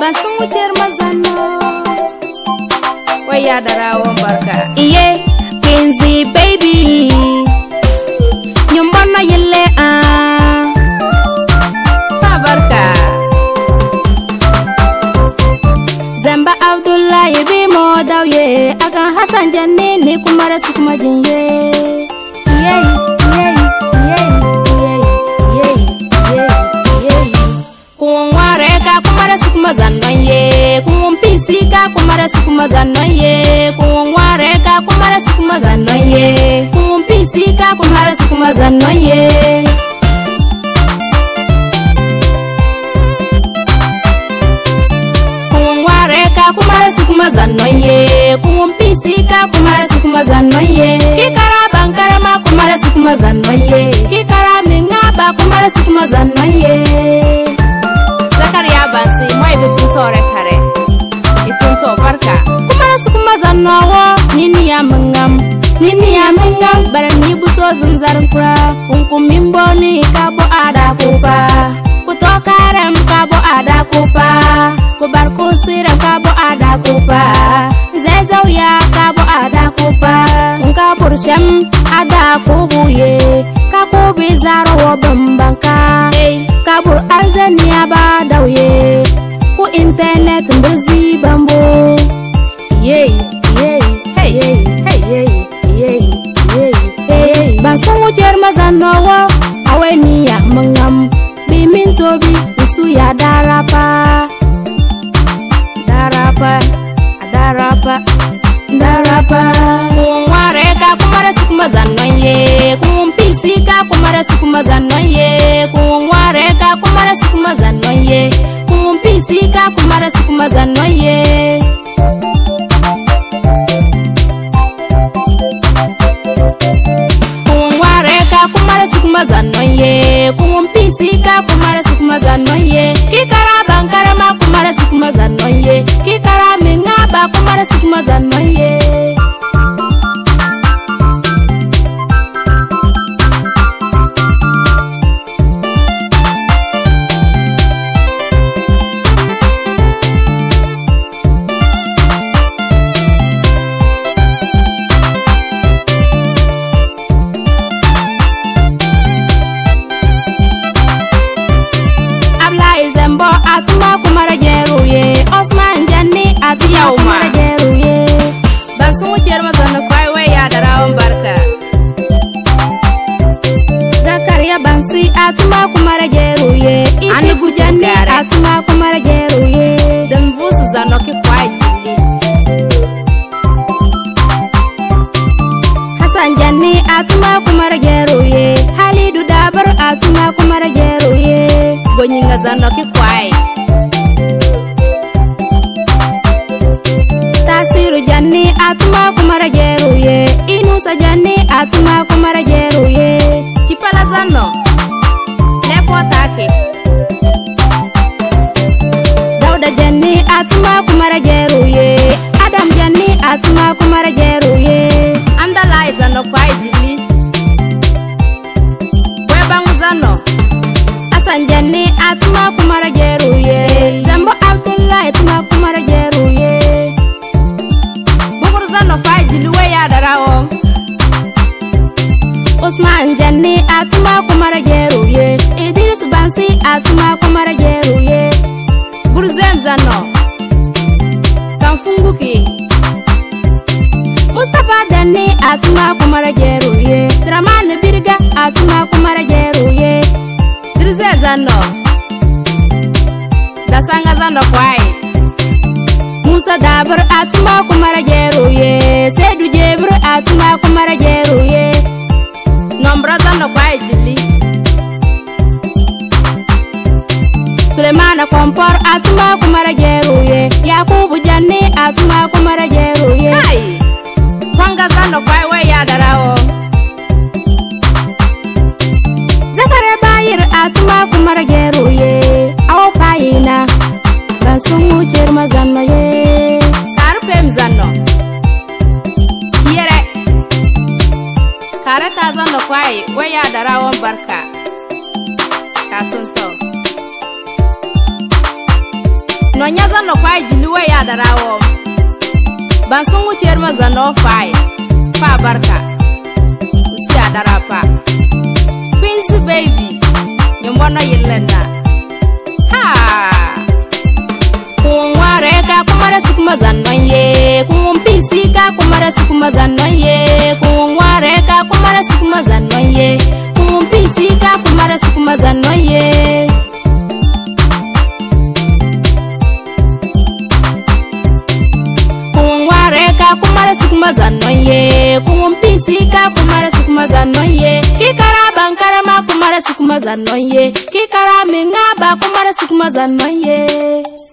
ban san wuciyar mazano waya da rawan barka iye kinzi baby a fa ah. barka zamba abdullahi bi mo akan janne ne kuma rasu kuma jinye iye kumazanoye kumpisika kumara siku mazanoye kumwareka kumara siku mazanoye kumpisika kumara siku mazanoye kikarabankarama kumara sikumazanoye kikaraminaba kumara sikumazanoye barani buso zunzar kura kunkumin boni ka bo ada kupa ku to karam ka bo ada kupa ku bar ku siram ka bo ada kupa zai ya ka bo ada kupa ka burshem ada kubuye ka kubi zaro ban san wucer mazan nɔgɔ awɛ niya mangam bi min tobi usu ya darapa darapa darapa darapa kumare ka kumare su kuma zan nɔ ye kun pisi ka kumare su kuma zan nɔ ye kun ware ka kumare su kuma zan nɔ ye kun pisi ka kumare su kuma zan nɔ ye. kumazano ye kumumpisika kumara siku mazano ye kikarabankarema kumara siku mazano ye kikaramingaba kumara siku mazano ye kumara jero ye halidu dabaro atuma kumara jero ye gonyinga zanoki kwai tasiru janni atuma kumara jero ye inusa janni atuma kumara jero ye kipala zano lepotake dauda janni atuma kumara jero ye adam janni atuma kumara jero ye atuma kumara geruye turamane biriga atuma kumara geruye dirizezano dasanga zano kwai musa dabar atuma kumara geruye sed amarageruye awo payina basumukeru mazano ye arupemzano kiyere kareta zano kwai weyadara won barka katunto nonya zano kwai jili weyadara won basumukeru mazano fai pa barka usiadara pa quinzi baby nyumbono yilena kungwareka kumara sikumazano ye kumpisika kumara sikumazano ye kungwareka kumara sikumazano ye kumpisika kumara sikumazano ye kungwareka kumara sikumazano sukuma ye k'i ba ko sukuma zanoye. ye